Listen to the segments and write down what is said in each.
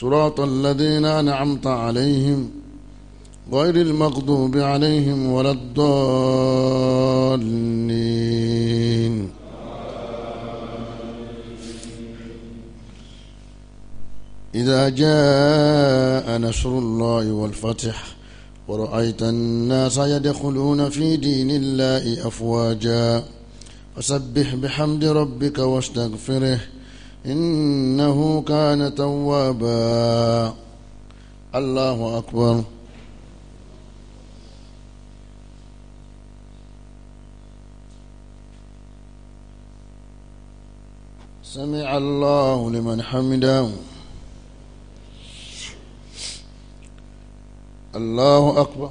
صراط الذين أنعمت عليهم غير المغضوب عليهم ولا الضالين إذا جاء نشر الله والفتح ورأيت الناس يدخلون في دين الله أفواجا فسبح بحمد ربك واستغفره إنه كان توابا الله أكبر سمع الله لمن حمده الله أكبر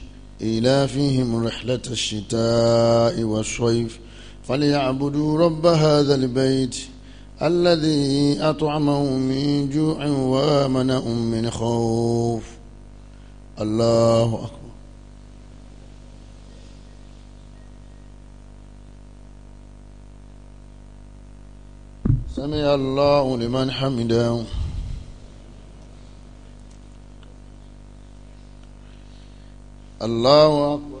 إيلافهم رحلة الشتاء والصيف فليعبدوا رب هذا البيت الذي أطعمهم من جوع وآمنهم من خوف الله أكبر سمع الله لمن حمده الله أكبر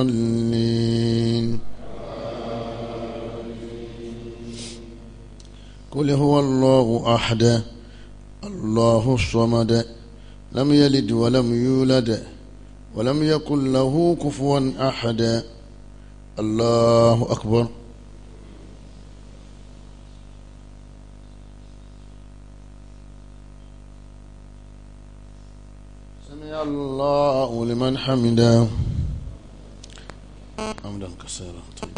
الضالين قل هو الله أحد الله الصمد لم يلد ولم يولد ولم يكن له كفوا أحد الله أكبر سمع الله لمن حمده صراط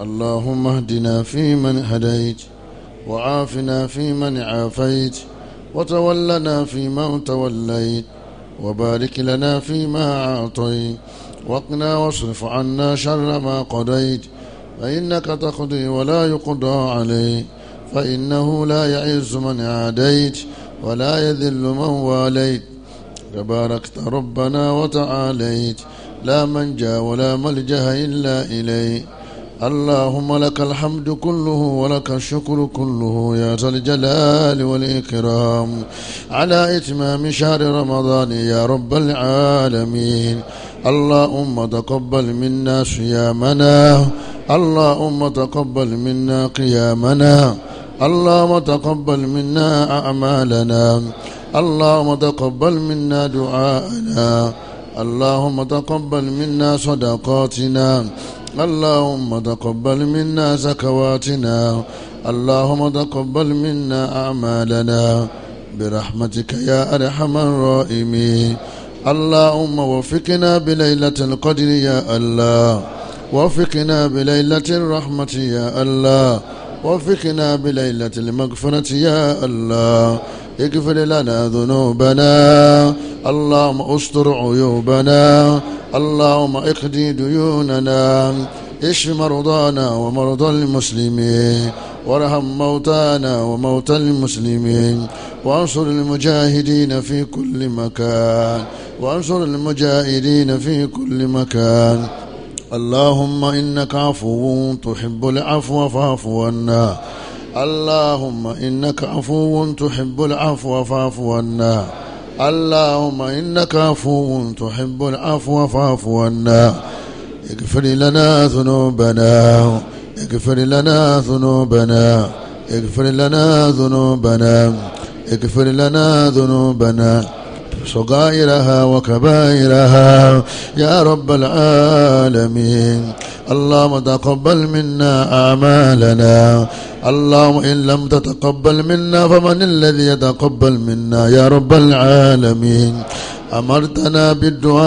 اللهم اهدنا فيمن هديت وعافنا فيمن عافيت وتولنا فيمن توليت وبارك لنا فيما أعطيت وقنا واصرف عنا شر ما قضيت فإنك تقضي ولا يقضى عليه فإنه لا يعز من عاديت ولا يذل من واليت تباركت ربنا وتعاليت لا جاء ولا ملجا إلا إليك اللهم لك الحمد كله ولك الشكر كله يا ذا الجلال والإكرام على إتمام شهر رمضان يا رب العالمين اللهم تقبل منا صيامنا اللهم تقبل منا قيامنا اللهم تقبل منا أعمالنا اللهم تقبل منا دعاءنا اللهم تقبل منا صدقاتنا اللهم تقبل منا زكواتنا اللهم تقبل منا أعمالنا برحمتك يا أرحم الراحمين اللهم وفقنا بليلة القدر يا الله وفقنا بليلة الرحمة يا الله وفقنا بليلة المغفرة يا الله اغفر لنا ذنوبنا اللهم استر عيوبنا اللهم اقضي ديوننا اشف مرضانا ومرضى المسلمين وارحم موتانا وموتى المسلمين وانصر المجاهدين في كل مكان وانصر المجاهدين في كل مكان اللهم انك عفو تحب العفو فاعف عنا اللهم إنك عفو تحب العفو فاعف عنا اللهم إنك عفو تحب العفو فاعف عنا اغفر لنا ذنوبنا اغفر لنا ذنوبنا اغفر لنا ذنوبنا اغفر لنا ذنوبنا صغائرها وكبائرها يا رب العالمين اللهم تقبل منا أعمالنا اللهم إن لم تتقبل منا فمن الذي يتقبل منا يا رب العالمين أمرتنا بالدعاء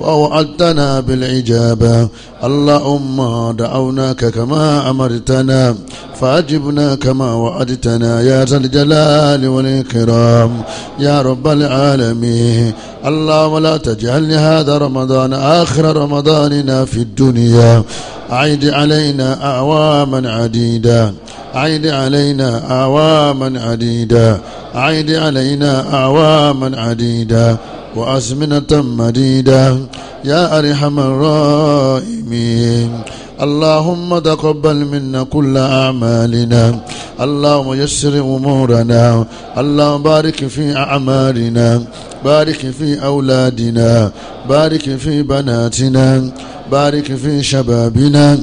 وأعدنا بالعجابة اللهم دعوناك كما أمرتنا فأجبنا كما وعدتنا يا ذا الجلال والإكرام يا رب العالمين اللهم لا تجعل هذا رمضان آخر رمضاننا في الدنيا عيد علينا أعواما عديدة عيد علينا أعواما عديدة عيد علينا أعواما عديدة وأزمنة مديدة يا أرحم الراحمين اللهم تقبل منا كل أعمالنا اللهم يسر أمورنا اللهم بارك في أعمالنا بارك في أولادنا بارك في بناتنا بارك في شبابنا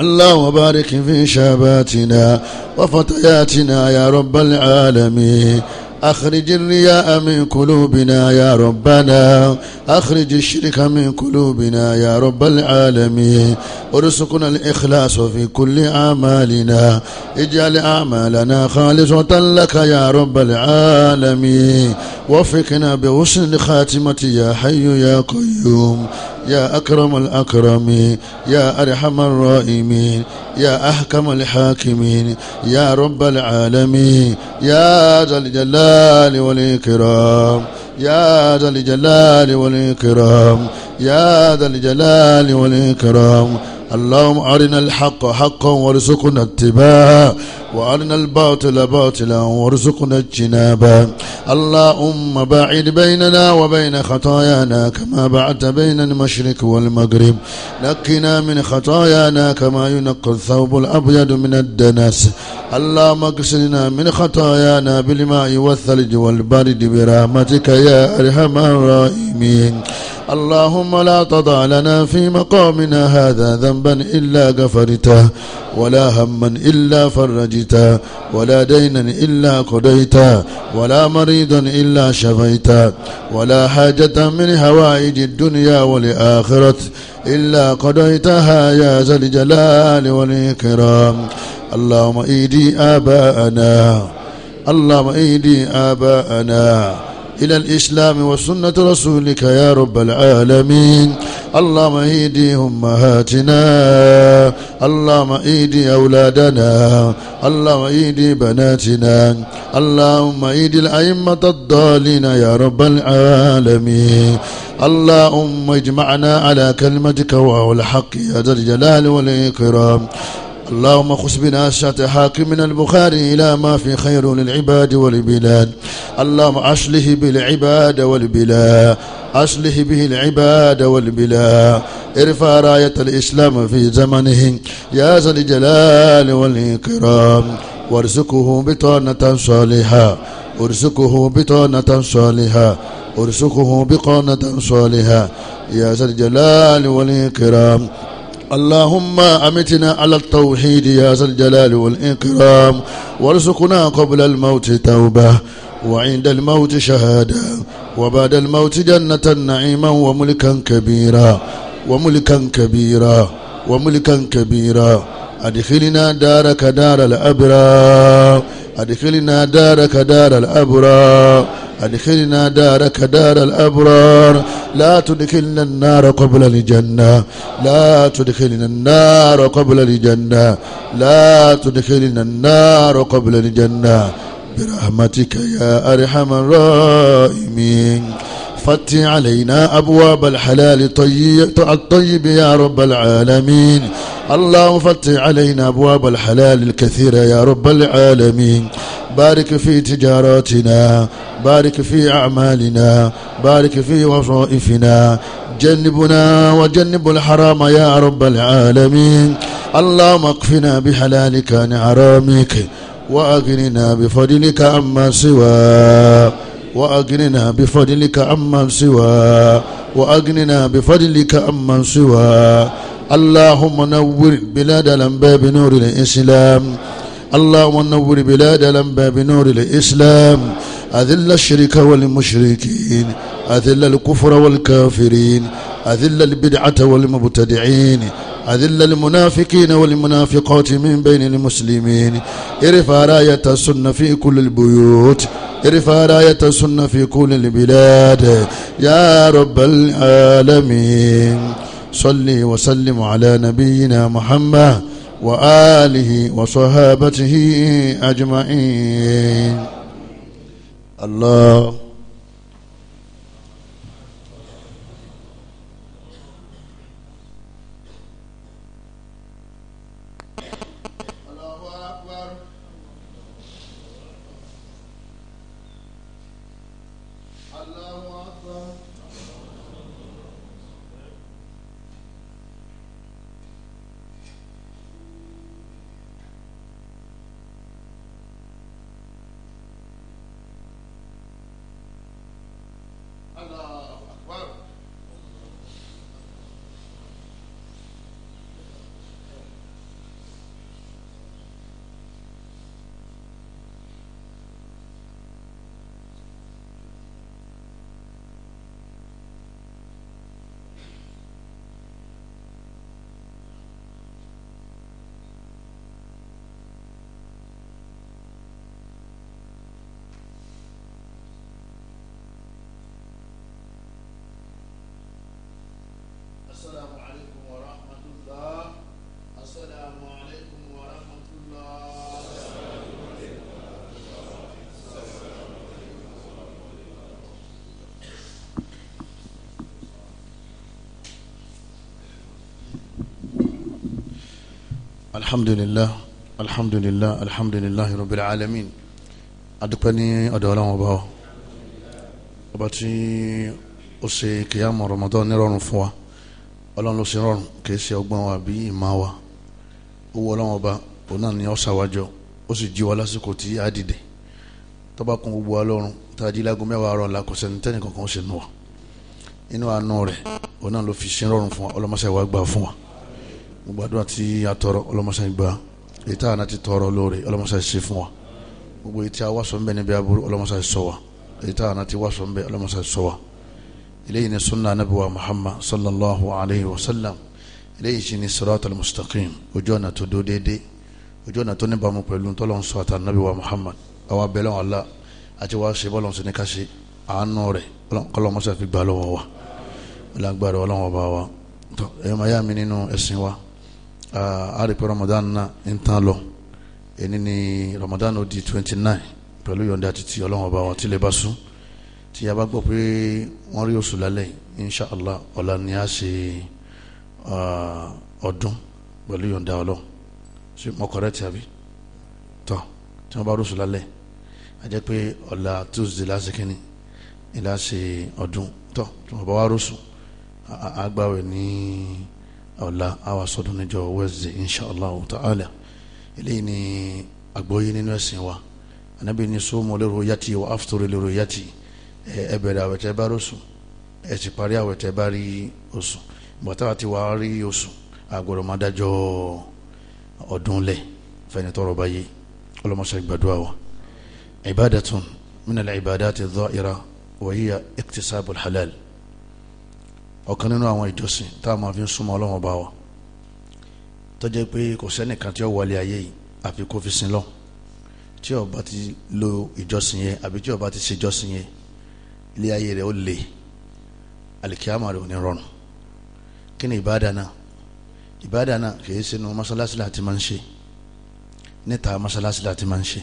اللهم بارك في شاباتنا وفتياتنا يا رب العالمين أخرج الرياء من قلوبنا يا ربنا أخرج الشرك من قلوبنا يا رب العالمين ارزقنا الإخلاص في كل أعمالنا اجعل أعمالنا خالصة لك يا رب العالمين وفقنا بحسن الخاتمة يا حي يا قيوم يا أكرم الأكرمين يا أرحم الرائمين يا أحكم الحاكمين يا رب العالمين يا ذا الجلال والإكرام يا ذا الجلال والإكرام يا ذا الجلال والإكرام اللهم أرنا الحق حقا وارزقنا اتباعه وأرنا الباطل باطلا وارزقنا اجتنابه اللهم باعد بيننا وبين خطايانا كما بعدت بين المشرق والمغرب نقنا من خطايانا كما ينقى الثوب الأبيض من الدنس اللهم اغسلنا من خطايانا بالماء والثلج والبرد برحمتك يا أرحم الراحمين اللهم لا تضع لنا في مقامنا هذا ذنبا إلا غفرته ولا هما إلا فرجته ولا دينا إلا قضيته ولا مريضا إلا شفيته ولا حاجة من هوائج الدنيا والآخرة إلا قضيتها يا ذا الجلال والإكرام اللهم إيدي آباءنا اللهم إيدي آباءنا إلى الإسلام وسنة رسولك يا رب العالمين اللهم ايدي أمهاتنا اللهم ايدي أولادنا اللهم ايدي بناتنا اللهم ايدي الأئمة الضالين يا رب العالمين اللهم اجمعنا على كلمتك وهو الحق يا ذا الجلال والإكرام اللهم خص بنا سات حاكمنا البخاري إلى ما في خير للعباد والبلاد اللهم أشله بالعباد والبلاد أشله به العباد والبلاد ارفع راية الإسلام في زمنه يا ذا الجلال والإكرام وارزقه بطانة صالحة ارزقه بطانة صالحة ارزقه بقانة صالحة يا ذا الجلال والإكرام اللهم أمتنا على التوحيد يا ذا الجلال والإكرام وارزقنا قبل الموت توبة وعند الموت شهادة وبعد الموت جنة نعيما وملكا كبيرا وملكا كبيرا وملكا كبيرا أدخلنا دارك دار الأبرار أدخلنا دارك دار الأبرار أدخلنا دارك دار الأبرار لا تدخلنا النار قبل الجنة لا تدخلنا النار قبل الجنة لا تدخلنا النار قبل الجنة برحمتك يا أرحم الراحمين فتح علينا أبواب الحلال الطيب يا رب العالمين اللهم فتح علينا أبواب الحلال الكثيرة يا رب العالمين بارك في تجاراتنا بارك في أعمالنا بارك في وظائفنا جنبنا وجنب الحرام يا رب العالمين اللهم اكفنا بحلالك عن حرامك وأغننا بفضلك عما سوى وأغننا بفضلك عما سوى وأغننا بفضلك عما سوى اللهم نور بلاد الأنباب بنور الإسلام اللهم نور بلادنا بنور الإسلام أذل الشرك والمشركين أذل الكفر والكافرين أذل البدعة والمبتدعين أذل المنافقين والمنافقات من بين المسلمين ارفع راية السنة في كل البيوت ارفع راية السنة في كل البلاد يا رب العالمين صلي وسلم على نبينا محمد وآله وصحابته أجمعين الله 아까 السلام عليكم ورحمة الله السلام عليكم ورحمة الله الحمد لله الحمد لله الحمد لله رب العالمين adúpẹ́ni ọ̀dọ̀ ọlọ́run ọba ọ ọba tí ó ṣe fún wa ọlọ́run ló ṣe rọrùn kì í ṣe ọgbọ́n wa bí ìmọ̀ wa owó ọlọ́run ọba òun náà ni ó ṣàwájọ ó sì jí wa lásìkò tí a dìde tó bá kún gbogbo wa lọ́rùn tá a jí láago mẹ́wàá rọ̀ la kò sẹ́ni tẹ́nì kankan ó ṣe nù wa inú àánú rẹ̀ òun náà ló fi ṣe rọrùn fún wa ọlọ́mọṣẹ́ wa gbà fún wa gbogbo àdúrà tí a tọrọ ọlọ́mọṣẹ́ gbà èyí tá àná ti tọrọ lóore ọlọ́mọṣẹ́ ṣe fún wa gbogbo èyí tí a wá sọ ń bẹ níbi aburú ọlọ́mọṣẹ́ sọ wa èyí tá àná ti wá sọ ń bẹ ọlọ́mọṣẹ́ sọ wa eléyìí ni sunna anabi wa muhammad sallallahu alayhi wa sallam eléyìí sì ni siratul mustaqim ojú ọ̀nà tó dó déédéé ojú ọ̀nà tó níbàámu pẹ̀lú tọ́lọ́n sọ àti anabi wa muhammad àwa bẹ̀rẹ̀ wọn la àti wàá ṣe bọ́lọ̀ sí ni ká ṣe àánú rẹ̀ kọ́lọ́ mọ́sá fi gbà lọ́wọ́ wa lágbára ọlọ́wọ́ bá wa ẹ̀ máa yá mi nínú ẹ̀sìn wa àrípẹ́ ramadan náà ń tán lọ ẹni ni ramadan ó di twenty nine pẹ̀lú yọ̀ǹda títí ọlọ́wọ́ bá wa tí lè bá sùn tí a bá gbọ́ pé wọ́n rí oṣù lálẹ́ insha allah ọ̀la ni a ṣe ọdún pẹ̀lú yọ̀ǹda ọlọ́run ṣe mọ kọ̀rẹ́tì àbí tọ́ tí wọ́n bá rí oṣù lálẹ́ a jẹ́ pé ọ̀la tuesday láti kínní ni la ṣe ọdún tọ́ tí wọ́n bá wá rọ́ṣù àgbàwẹ̀ ní ọ̀la àwa sọdún níjọ wednesday insha allah ta'ala eléyìí ni àgbọ́yé nínú ẹ̀sìn wa anabi ni sọ́mu lérò yàtì wa aftorí lérò yàtì ẹ bẹ̀rẹ̀ àwẹ̀ tẹ́ bá rọ́ṣù ẹ sì parí àwẹ̀ tẹ́ bá rí oṣù bọ̀tá àti wà á rí oṣù àgọ́dọ̀ máa dájọ́ ọdún lẹ̀ fẹ́ni tọrọ bá yé ọlọ́mọṣẹ́ gbàdúrà wa ibadatun min ibadati adh-dha'ira wa hiya halal ọ̀kan nínú àwọn ìjọsìn tá a máa fi ń súnmọ́ ọlọ́wọ́n bá wa tó pé kò sẹ́nìkan tí ó wọlé ayé yìí àfi kó sin lọ tí ó ti lo ìjọsìn yẹn àbí tí ó ti ṣe ìjọsìn yẹn ilé ayé rẹ̀ ó le alikiyama rẹ̀ ò ní rọrùn kí ni ìbáda náà ìbáda náà kìí sínú mọ́sálásí láti máa ń ṣe níta mọ́sálásí láti máa ń ṣe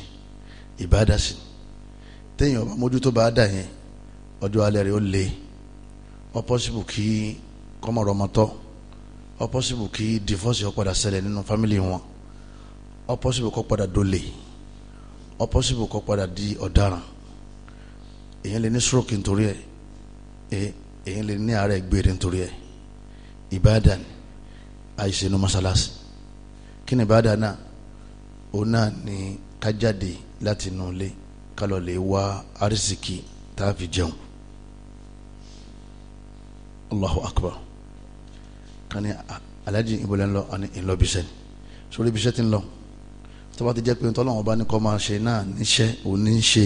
ìbáda sí téèyàn ọba mójútó bá dà yẹn ọjọ́ alẹ́ rẹ̀ ó le ọpọ́sibù kí kọ́mọ̀rọ̀ ọmọ tọ́ ọpọ́sibù kí divorce ó padà ṣẹlẹ̀ nínú fámìlì wọn ọpọ́sibù kó padà dolè ọpọ́sibù kó padà di ọ̀daràn èyàn lè ní stroke nítorí ẹ èyàn lè ní àárẹ̀ gbére nítorí ẹ ìbádàn àìsínú mọ́sálásí kí ni ìbádàn náà òun náà ni ká jáde láti inú ilé ká lọ lè wá arísìkì tá a fi jẹun Allahu akbar kan ah, ni alhaji ibole ńlọ ani ńlọbiṣẹ sórí ibiṣẹ ti ń lọ tó bá ti jẹ́ pé ntọ́lọ́wọ́n bá ní kọ́ máa ṣe náà níṣẹ́ òun ní ṣe.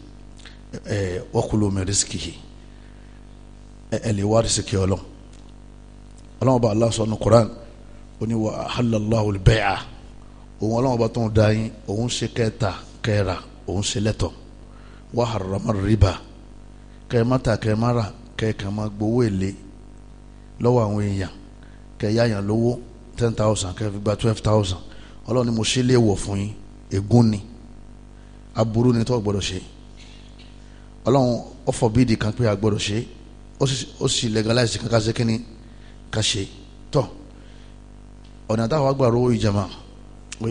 ẹ eh, wakulomi risikihi ẹ eh, ẹ eh, lè wá risiki Ọlọ́run Ọlọ́run bá Allah sọ ní Quran ó ní wa halallahu bẹ́ẹ̀ òun Ọlọ́run bá tó ń da yín òun ṣe kẹta kẹra òun ṣe lẹ́tọ̀ wa harama riba kẹmata kẹmara kẹkẹma gbowó èlé lọ́wọ́ àwọn èèyàn kẹyà yàn lówó ten thousand kẹfì gba twelve thousand Ọlọ́run ni mo ṣe léèwọ̀ fún yín ègún ni aburú ni tó gbọdọ̀ ṣe ọlọ́run ọ̀fọ̀ bíi di kan pé a gbọ́dọ̀ ṣe ó sì legalize kankan ṣe kínní ká ṣe tọ̀ ọ̀nà táwọn agbára owó ìjàmà pé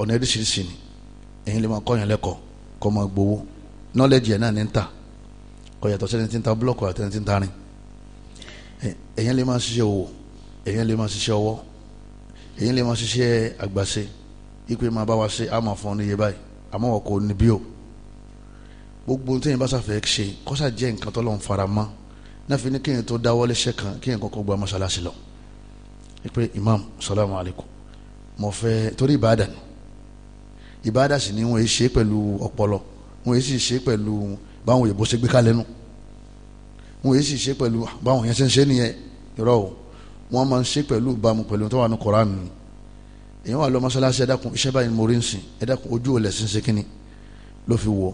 ọ̀nà oríṣiríṣi ni èyí lè máa kọ́yàn lẹ́kọ̀ọ́ kọ́ máa gbowó nọ́lẹ́jì ẹ̀ náà ní ń tà kò yàtọ̀ sẹ́ni tí ń ta búlọ́ọ̀kù àti ẹni tí ń ta rìn èyí lè máa ṣiṣẹ́ òwò èyí lè máa ṣiṣẹ́ ọwọ́ èyí lè máa ṣiṣẹ́ àgbàṣe ipe máa bá wa ṣe á máa fún ọ gbogbo tí yẹn bá sàfẹ́ ṣe kọ́sà jẹ́ nǹkan tó lọ́n fara mọ́ náà fi ní kéèyàn tó dáwọ́lé ṣe kan kéèyàn kọ́kọ́ gba mọ́ṣáláṣí lọ. pé imam salamu alaykum mo fẹ́ torí ìbáàdà ni ìbáàdà sì ni wọ́n yé ṣe pẹ̀lú ọpọlọ wọ́n yé sì ṣe pẹ̀lú báwọn òyìnbó ṣe gbé kalẹ̀ nù wọ́n yé sì ṣe pẹ̀lú ah, báwọn yẹn ṣe ń ṣe nìyẹn irọ́ o wọ́n máa ń ṣe pẹ̀lú ìbámu pẹ̀lú tó wà ní Kùránì ni èèyàn wà lọ mọ́ṣáláṣí ẹ̀dàkùn iṣẹ́ báyìí mo sìn ẹ̀dàkùn ojú ò lẹ̀ sí ṣe kínní ló fi wọ̀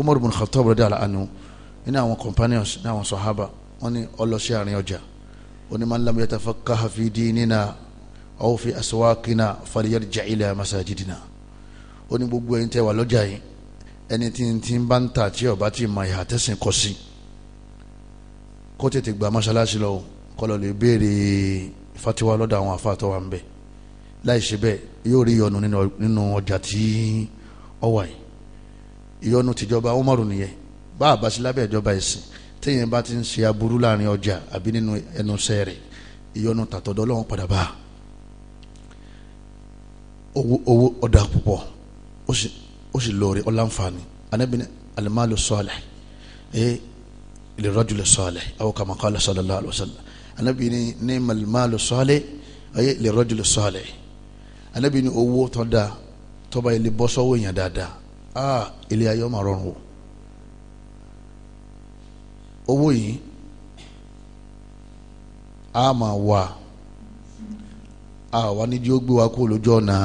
Umar bin Khattab radiyallahu anhu nínú àwọn companions ní àwọn sahaba wọn ni ọlọsí àárín ọjà ó ní man lam yatafaqqa fi dinina aw fi aswaqina falyarji' ila masajidina ó ní gbogbo ẹ̀yin tẹ́ wà lọ́jà yìí ẹni tí tí ń bá ń tà tí ọba tí ma ìhà tẹ̀sìn kọ sí kó tètè gba mọ́ṣáláṣí lọ kọlọ lè béèrè fatiwa lọ́dọ̀ àwọn afáàtọ̀ wa ń bẹ̀ láì ṣe bẹ́ẹ̀ yóò rí ìyọnu nínú ọjà tí ó yìí ìyọnu tìjọba Umaru nìyẹn bá àbáṣe lábẹ́ ìjọba ẹ̀sìn téèyàn bá ti ń ṣe aburú láàrin ọjà àbí nínú ẹnu iṣẹ́ rẹ̀ ìyọnu tàtọ̀dọ̀ lọ́wọ́ padà bá owó owó ọ̀dà púpọ̀ ó sì lóore ọ̀làǹfààní anábìíní alimalu sọ̀lẹ̀ ee lirajuli sọ̀lẹ̀ aw kama qala sallallahu alaihi wasallam anábìíní ní malimalu sọ̀lẹ̀ ee lirajuli sọ̀lẹ̀ anábìíní owó tó da tó bá ilé bọ́ sọ́wọ́ yẹn dáadáa ah ilé ayé ọmọ rọrùn o owó yìí a máa wà a wà nídìí ó gbé wa kó lójú ọ̀nà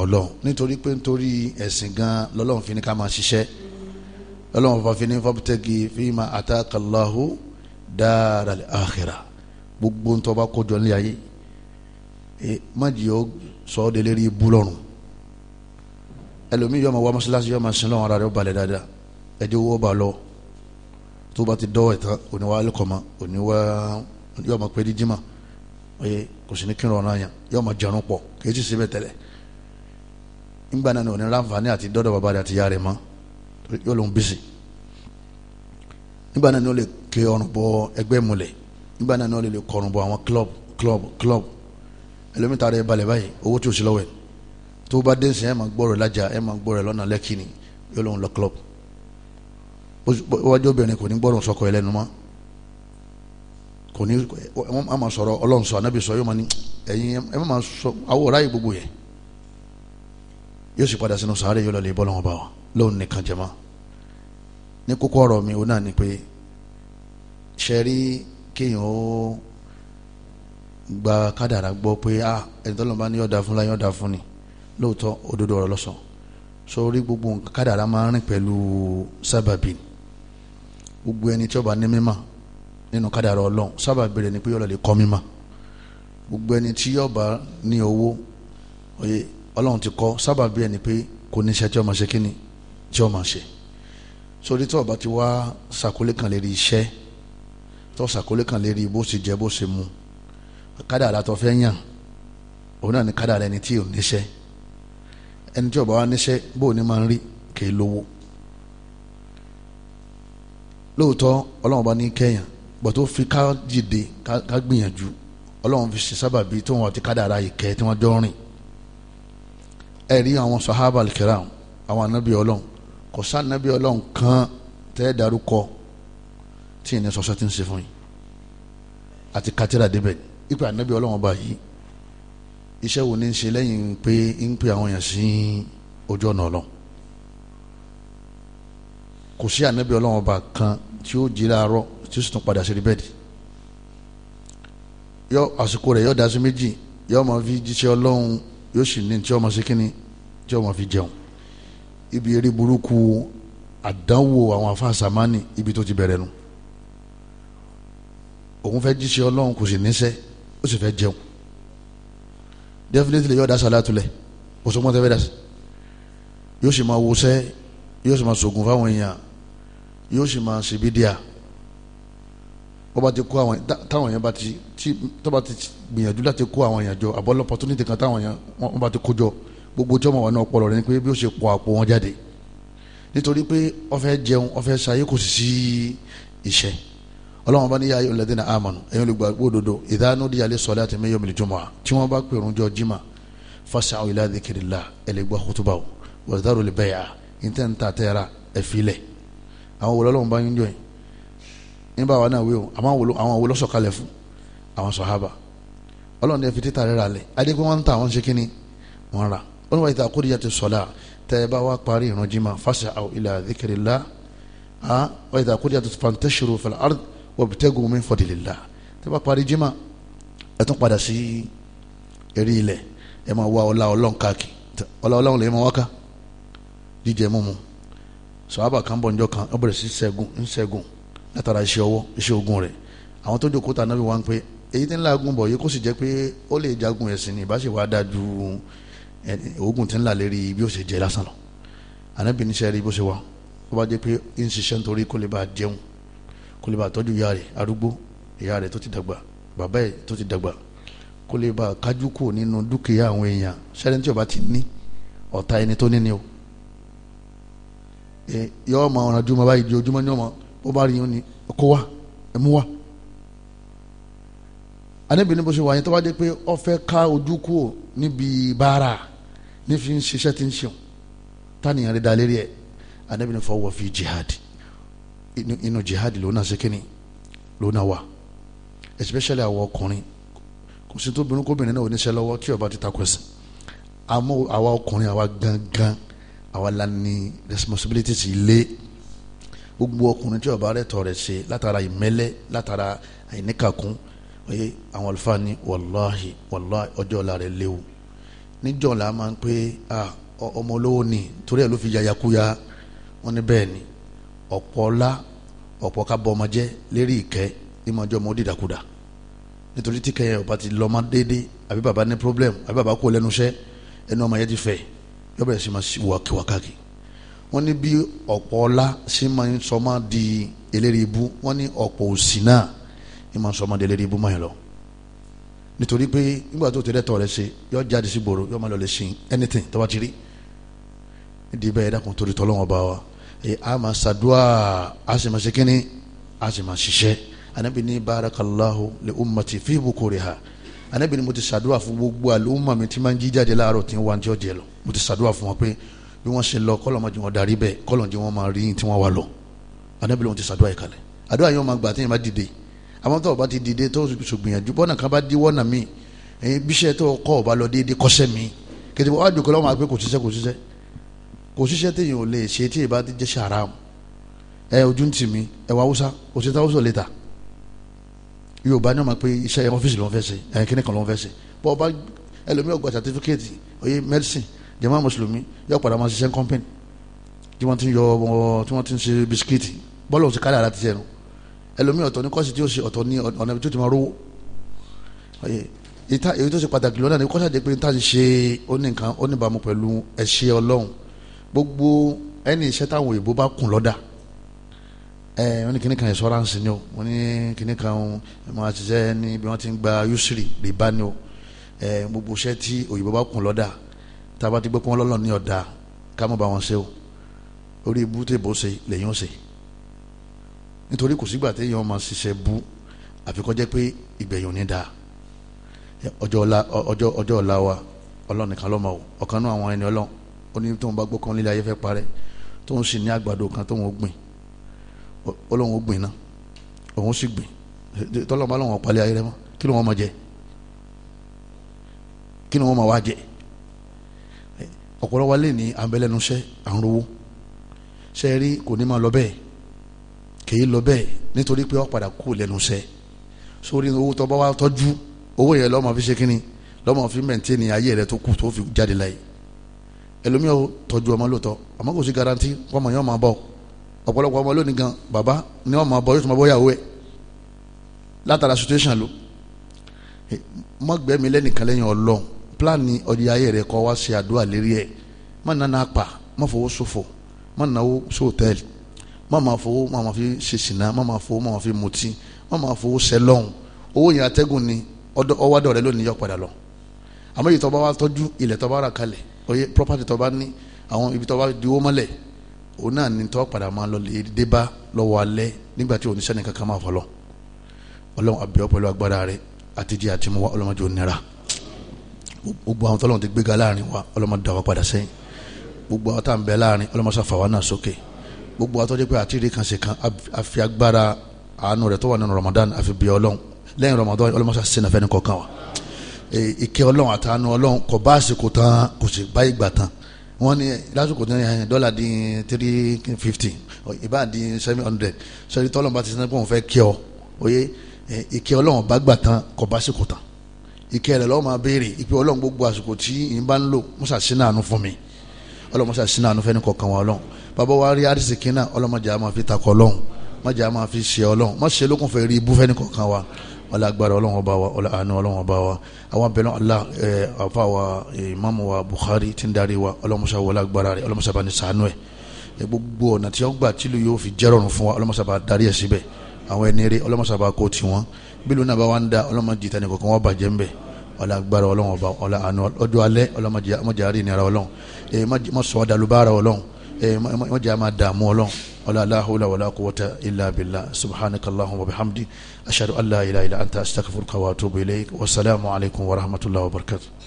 ọlọ́run nítorí pé nítorí ẹ̀sìn gan lọ́lọ́run fi ní ká máa ṣiṣẹ́ lọ́lọ́run fa fi ní fọ́pútẹ́kì fíìmà àtàkàláhù dára àkhírà gbogbo ń tó bá kó ayé má ó sọ ọ́ délé rí ibú lọ́rùn ẹlòmíì yọmọ wá mọ́ṣáláṣí yọmọ sinú ọ̀rọ̀ rẹ̀ balẹ̀ dáadáa ẹdí owó bá lọ tó bá ti dọ́wọ́ ìtàn oníwà alikọ̀mọ́ oníwà yọmọ pé ní jimá oye kò sí ní kírun ọ̀nà yẹn yọmọ jẹun pọ̀ kì í sì síbẹ̀ tẹ́lẹ̀ ńgbà náà ni òní láǹfààní àti dọ́dọ̀ bàbá rẹ̀ àti ìyá rẹ̀ mọ́ yóò lóun bísí nígbà náà ni ó lè ké ọrùn bọ ẹgbẹ́ múlẹ̀ nígbà náà ni ó lè kọrùn bọ àwọn club club club ẹlòmítà rẹ̀ balẹ̀ báyìí owó tí ò sí lọ́wọ́ ẹ̀ tó bá dé sìn ẹ máa gbọ́ rẹ̀ lájà ẹ máa gbọ́ rẹ̀ lọ́nà lẹ́kì yóò lóun lọ club wájú obìnrin kò ní gbọ́dọ̀ sọkọ ẹ lẹ́nu mọ́ kò ní wọ́n á máa sọ̀rọ̀ ọlọ́run sọ anábì sọ yóò máa ní ẹ̀yin ẹ má máa sọ awọ ọ̀rá yìí gbogbo yẹn yóò sì padà sínú sàárè yóò lọ lè bọ́ bá wa lóun nìkan jẹ́ máa ní kókó ọ̀rọ̀ mi ò náà ni pé ṣe rí kéèyàn ó gba kádàrá gbọ́ pé ah ẹni tó lọ́n bá ní ọ̀dà fún láyé fún ni lóòótọ́ òdodo ọ̀rọ̀ lọ́sọ̀ sórí gbogbo nǹkan kádàrá máa ń rìn pẹ̀lú sábàbí gbogbo ẹni tí ó bá ní mímọ̀ nínú kádàrá ọlọ́run sábàbí rẹ̀ ni pé ọlọ́lẹ̀ kọ́ mímọ̀ gbogbo ẹni tí ó ní owó oye ọlọ́run ti kọ́ sábàbí ẹ̀ ni pé kò ní iṣẹ́ tí ó máa ṣe kíni tí ó máa ṣe sórí tí ó bá ti wá ṣàkólé kan lérí iṣẹ́ tó ṣàkólé kan lérí bó ṣe jẹ bó ṣe mu kádàrá tó fẹ́ yàn òun náà ni kádàrá ẹni tí ò níṣẹ́ ẹni tí ó bá wà níṣẹ́ bóun ni máa ń rí kì í lówó lóòótọ́ ọlọ́run bá ní kẹ́yàn bọ̀ tó fi ká jìde ká gbìyànjú ọlọ́run fi ṣe sábàbí tí wọ́n ti kádàrá ìkẹ́ tí wọ́n jọ rìn ẹ rí àwọn sahaba al àwọn anabi ọlọ́run kò sá anabi ọlọ́run kan tẹ́ darúkọ tí ìní sọ́sọ́ ti ń ṣe fún yìí àti katira débẹ̀ ipò anabi ọlọ́run ọba yìí iṣẹ́ wo ni ń ṣe lẹ́yìn pé ń pe àwọn èèyàn sí ojú ọ̀nà ọlọ́run kò sí ànábì ọlọ́run ọba kan tí ó jí láàárọ̀ tí ó sì tún padà sí bẹ́ẹ̀dì yọ àsìkò rẹ̀ yọ dasí méjì yọ máa fi jíṣẹ́ ọlọ́run yóò sì ní tí ọmọ sí kínní tí ọmọ fi jẹun ibi eré burúkú àdánwò àwọn afáàsámánì ibi tó ti bẹ̀rẹ̀ nu òun fẹ́ jíṣẹ́ ọlọ́run kò sì níṣẹ́ ó sì fẹ́ jẹun definitely yóò da salatu lẹ̀ òṣùpọ̀ tẹ́fẹ́ dasí yóò sì máa wọṣẹ́ yóò sì máa sògùn fáwọn èèyàn yóò sì máa ṣe bídíà wọ́n bá ti kó àwọn táwọn èèyàn bá ti tí tó bá ti gbìyànjú láti kó àwọn èèyàn jọ àbọ̀lọ́ opportunity kan táwọn èèyàn wọ́n bá ti kó jọ gbogbo tí ọmọ wa náà pọlọ rẹ ni pé bí ó ṣe pọ àpò wọn jáde nítorí pé ó fẹ́ jẹun ó fẹ́ ṣayé kò sì sí iṣẹ́ ọlọ́run bá ní yáyọ lẹ́dínà àmọ́nù ẹ̀yin olùgbà gbódodo ìdánù díyàlẹ́ sọ̀lá àti mẹ́yọ̀ mìlì jùmọ̀ tí wọ́n bá pèrún jọ jimá fasa ìlà dìkìrìlà ẹlẹ́gbà kútùbà o wọ́dàrú lè bẹ́yà ìtẹ̀ ń ta tẹ́ra ẹ̀fílẹ̀ àwọn wòlọ́ ọlọ́run bá ń jọ yìí nígbà wà náà wí o àwọn wòlọ́ sọ̀kalẹ̀ fún àwọn sọ̀hábà ọlọ́run ẹ̀ fi títà rẹ̀ ralẹ̀ adé pé wọ́n ń ta àwọn ṣe kíni wọ́n ra ó ní wàá ìta wabtagu min fadlillah tí wọ́n parí jimá ẹ tún padà sí eré ilẹ̀ ẹ máa wá ọlá ọlọ́run káàkiri ọlá ọlọ́run lè máa wáká jíjẹ mímu sọ̀hábà kan bọ̀ níjọ́ kan ó bẹ̀rẹ̀ sí ṣẹ́gun ń ṣẹ́gun látara iṣẹ́ ọwọ́ iṣẹ́ ogun rẹ̀ àwọn tó jókòó ta nábì wá ń pé èyí tí ń laagun bọ̀ yìí kó sì jẹ́ pé ó lè jagun ẹ̀sìn ní ìbáṣe wàá dáa ju ogun tí ń là lérí bí ó ṣe jẹ lásán lọ ànábì níṣẹ́ rí bó ṣe wá ó bá jẹ́ pé ń ṣiṣẹ́ nítorí kó lè bá jẹun kó lè bá tọ́jú ìyá rẹ̀ arúgbó ìyá rẹ̀ tó ti dàgbà bàbá ẹ̀ tó ti dàgbà kó lè ba kájú kù nínú dúkìá àwọn èèyàn sẹ́ni tí ó bá ti ní ọ̀tá ẹni tó ní ni o yọ ọmọ ọ̀ràn jùmọ̀ báyìí di ojúmọ́ ní ọmọ ó bá rí yín ni kó wá ẹ mú wá. anábì ní bó ṣe wà yẹn tó bá dé pé ó fẹ́ ká ojú kù níbi báárà nífi ń ṣiṣẹ́ ti ń ṣeun tánìyàn rí da lérí fọwọ́ fi jihad inú jihadi lona náà ṣe kínní lòun especially àwọn ọkùnrin kò sí tó bínú kóbìnrin náà oníṣẹ́ lọ́wọ́ tí ó bá ti takò ẹ̀sìn àmọ́ àwa ọkùnrin àwa gangan àwa la ní responsibility ti lé gbogbo ọkùnrin tí ó bá rẹ̀ tọ̀ rẹ̀ ṣe látara ìmẹ́lẹ́ látara àìníkàkún oye àwọn àlùfáà ní wàláhì wàláhì ọjọ́ ọ̀la rẹ̀ léwu níjọ́ la máa ń pé ọmọ olówó ni torí ẹ̀ ló fi yàyàkúya wọ́n ní bẹ́ẹ̀ ni ọ̀pọ̀ ọlá ọ̀pọ̀ ká bọ́ ọmọ jẹ́ lérí ìkẹ́ ìmọ̀jọ́ ọmọ dídàkudà nítorí tí kẹyẹ ọba ti lọ́mọ déédéé àbí bàbá ní problem àbí bàbá kó lẹ́nu iṣẹ́ ẹnu ọmọ yẹn ti fẹ̀ yọ bẹ̀rẹ̀ sí máa wàkíwà káàkiri wọ́n ní bí ọ̀pọ̀ ọlá sí máa ń sọmọ di eléri ibú wọ́n ní ọ̀pọ̀ òsì náà ní máa ń sọmọ di eléri ibú máa yẹn lọ nítorí pé nígbà tó ti rẹ́tọ̀ rẹ̀ ṣe yọ jáde sí gbòòrò yọ máa lọ lè ṣe anything tó bá ti rí ìdí bẹ́ẹ̀ dákun torí tọ́lọ́wọ́n bá wa ẹ eh, a máa ṣàdúrà a sì máa ṣe kínní a sì máa ṣiṣẹ́ anabi ní barakallahu li ummati fi bukuriha anabi ní mo ti ṣàdúrà fún gbogbo àlùmọ̀ mi tí máa ń jí jáde láàárọ̀ tí ń wá ní tí ó jẹ lọ mo ti ṣàdúrà fún wọn pé bí wọ́n ṣe lọ kọ́lọ̀ mọ́jú wọn darí bẹ́ẹ̀ kọ́lọ̀ jí wọn máa rí tí wọ́n wà lọ anabi lóun ti ṣàdúrà yìí kalẹ̀ àdúrà yìí wọn máa gbà tí yẹn bá dìde àwọn ti dìde tó o ṣùgbìyànjú bọ́nà kan bá dí wọ́nà míì bíṣẹ́ tó o kọ́ o bá lọ déédéé kọ́sẹ́ míì kẹ́tẹ́ wọ́n á dùn kọ́lọ́ máa pé kò síṣẹ́ téèyàn ò lè ṣe tí ìbá ti jẹ́ ṣàràmù ẹ ojú ń tì mí ẹ wá haúsá òṣìṣẹ́ táwọn sọ̀ létà yorùbá ní ọmọ pé iṣẹ́ ọ́fíìsì ló ń fẹ́ ṣe ẹ̀ kíní kan ló ń fẹ́ ṣe bọ́ ọba ẹlòmíì ọgbà sàtífíkẹ́ẹ̀tì oyè mẹ́dísìn jẹ̀mọ́ mùsùlùmí yọ padà máa ṣiṣẹ́ kọ́ńpẹ́nì tí wọ́n ti ń yọ tí wọ́n ti ń ṣe bisikíìtì bọ́ọ̀lù ọ̀sìn kálí ara ti ṣẹ́nu ẹlòmíì ọ̀tọ̀ ní kọ́ọ̀sì tí ó ṣe ọ̀tọ̀ ní ọ̀nà tí ti máa rówó èyí tó ṣe pàtàkì lọ́nà ni kọ́sàdé pé ṣe ó ní pẹ̀lú ẹ̀ṣẹ̀ ọlọ́run gbogbo ẹni iṣẹ́ táwọn òyìnbó bá kùn lọ́dà ẹ wọ́n ní kíní kan insurance ni o wọ́n ní kíní kan ẹ̀mọ́ àṣìṣe ní bí wọ́n ti ń gba usury rìbá ni o ẹ gbogbo iṣẹ́ tí òyìnbó bá kùn lọ́dà tá a bá ti gbé pọ́n lọ́lọ́ ní ọ̀dà ká mọ̀ bá wọn ṣe o orí ibú tè bó ṣe lèyàn ṣe nítorí kò sígbà téèyàn máa ṣiṣẹ́ bú àfikọ́ jẹ́ pé ìgbẹ̀yìn ò ní dáa ọjọ́ ọ̀la wa ọlọ́nìkan lọ́mọ ọ̀kan náà àwọn ẹni ọlọ́run ó ní tóun bá gbókan lílé ayé fẹ́ parẹ́ tóun sì ní àgbàdo kan tóun ó gbìn ó lóun ó gbìn náà òun sì gbìn tọ́lọ́mọ lọ́wọ́ palẹ̀ ayé rẹ mọ́ kí ló wọ́n máa jẹ kí ló wọ́n máa wá jẹ ọ̀pọ̀lọpọ̀ wálé ní abẹ́lẹ́nuṣẹ́ àrùnwó ṣe rí kò ní máa lọ bẹ́ẹ̀ kì lọ bẹ́ẹ̀ nítorí pé ó padà kú lẹ́nuṣẹ́ sórí owó tó bá wá tọ́jú owó yẹn lọ́mọ fi ṣe kínni lọ́mọ fi mẹ̀ntẹ́ni ayé rẹ tó kù tó fi jáde láyé ẹlòmíì ó tọ́jú ọmọ lóòótọ́ àmọ́ kò sí garanti kọ́mọ yẹn ọmọ bọ̀ ọ̀pọ̀lọpọ̀ ọmọ lónìí gan bàbá ni ọmọ bọ̀ yóò tún bọ̀ yàwó ẹ̀ látara situation ló mọ́gbẹ́mi lẹ́nìkan lẹ́yìn ọlọ́run pílánì ọdí ayé rẹ kọ́ wá ṣe àdúrà lérí ẹ̀ má nana pa má fowó ṣòfò má náwó sòtẹ́ẹ̀lì má máa fowó má máa fi ṣe má máa fowó má máa fi mutí má máa fowó ṣẹlọ́hún owó yẹn atẹ́gùn ni ọwádọ̀ rẹ lónìí yọ padà lọ àmọ́ èyí tó tọ́jú ilẹ̀ tó bá kalẹ̀ oye property tó bá ní àwọn ibi tó bá diwó mọ́lẹ̀ òun náà ní tó padà máa lọ dé bá lọ́wọ́ alẹ́ nígbà tí oníṣẹ́ nìkan kan máa fọlọ́ ọlọ́run àbẹ̀wò pẹ̀lú agbára rẹ àtijọ́ àti mú wa ọlọ́mọdé onira gbogbo àwọn tọ́lọ́run ti gbéga láàrin wa ọlọ́mọdé àwọn padà sẹ́yìn gbogbo àwọn tá à ń bẹ láàrin ọlọ́mọṣà fàwa náà sókè gbogbo àwọn tọ́jú pé àtìrí kan ṣe kan àfi agbára àánú rẹ tó wà nínú Ramadan àfi bí ọlọ́run lẹ́yìn Ramadan ọlọ́mọṣà sínú afẹ́ni kọ̀ọ̀kan wa ìkẹ́ e, ọlọ́run àtàánú ọlọ́run kò bá àsìkò tán kò sì bá ìgbà tán wọ́n ní lásìkò tán yẹn dọ́là dín three fifty ìbá di seven hundred sọ́ni tọ́lọ́run bá ti sinmi pé òun fẹ́ kí ọ oyè ìkẹ́ e, ọlọ́run bá gbà tán kò bá àsìkò tán ìkẹ́ rẹ̀ lọ́wọ́ máa béèrè ìpè ọlọ́run gbogbo àsìkò tí ìyín bá ń lò mọ́sà sínú àánú fún mi ọlọ́run mọ́sà sínú àánú fẹ́ni kọ̀ọ̀kan wa ọlọ́run bàbá wa rí àdìsí kínà ọlọ́mọdé a máa fi takọ̀ ọlọ́run mọ́jà máa fi ṣe ọlọ́run mọ́ṣẹ́ lókun fẹ́ rí ibú fẹ́ni kọ̀ọ̀kan wa wala agbára ọlọ́run ọba wa wala àánú ọlọ́run ọba wa àwọn abẹ́lẹ́ Allah ẹ̀ afa wa imaamu wa Bukhari ti ń darí wa ọlọ́musa wọlé agbára rẹ̀ ọlọ́musa bá ní sànú ẹ̀ gbogbo ọ̀nà tí wọ́n gbà tílu yóò fi jẹ́rọ̀rùn fún wa ọlọ́musa bá darí ẹ̀ síbẹ̀ àwọn ẹni eré ọlọ́musa bá kó tiwọn bílù náà bá wá ń da ọlọ́mọ jìtá ní kọ̀ọ̀kan wọ́n bàjẹ́ ńbẹ̀ ọlọ́ agbára ọlọ́run ọba ọlọ́ àánú ọjọ́ alẹ́ ọlọ́mọ ẹ eh, má jẹ́ a máa dààmú ọlọ́run wala la hawla wala quwwata illa billah subhanakallahumma wa bihamdi ashhadu an la ilaha illa anta astaghfiruka wa atubu ilayk wa salaamu wa rahmatullahi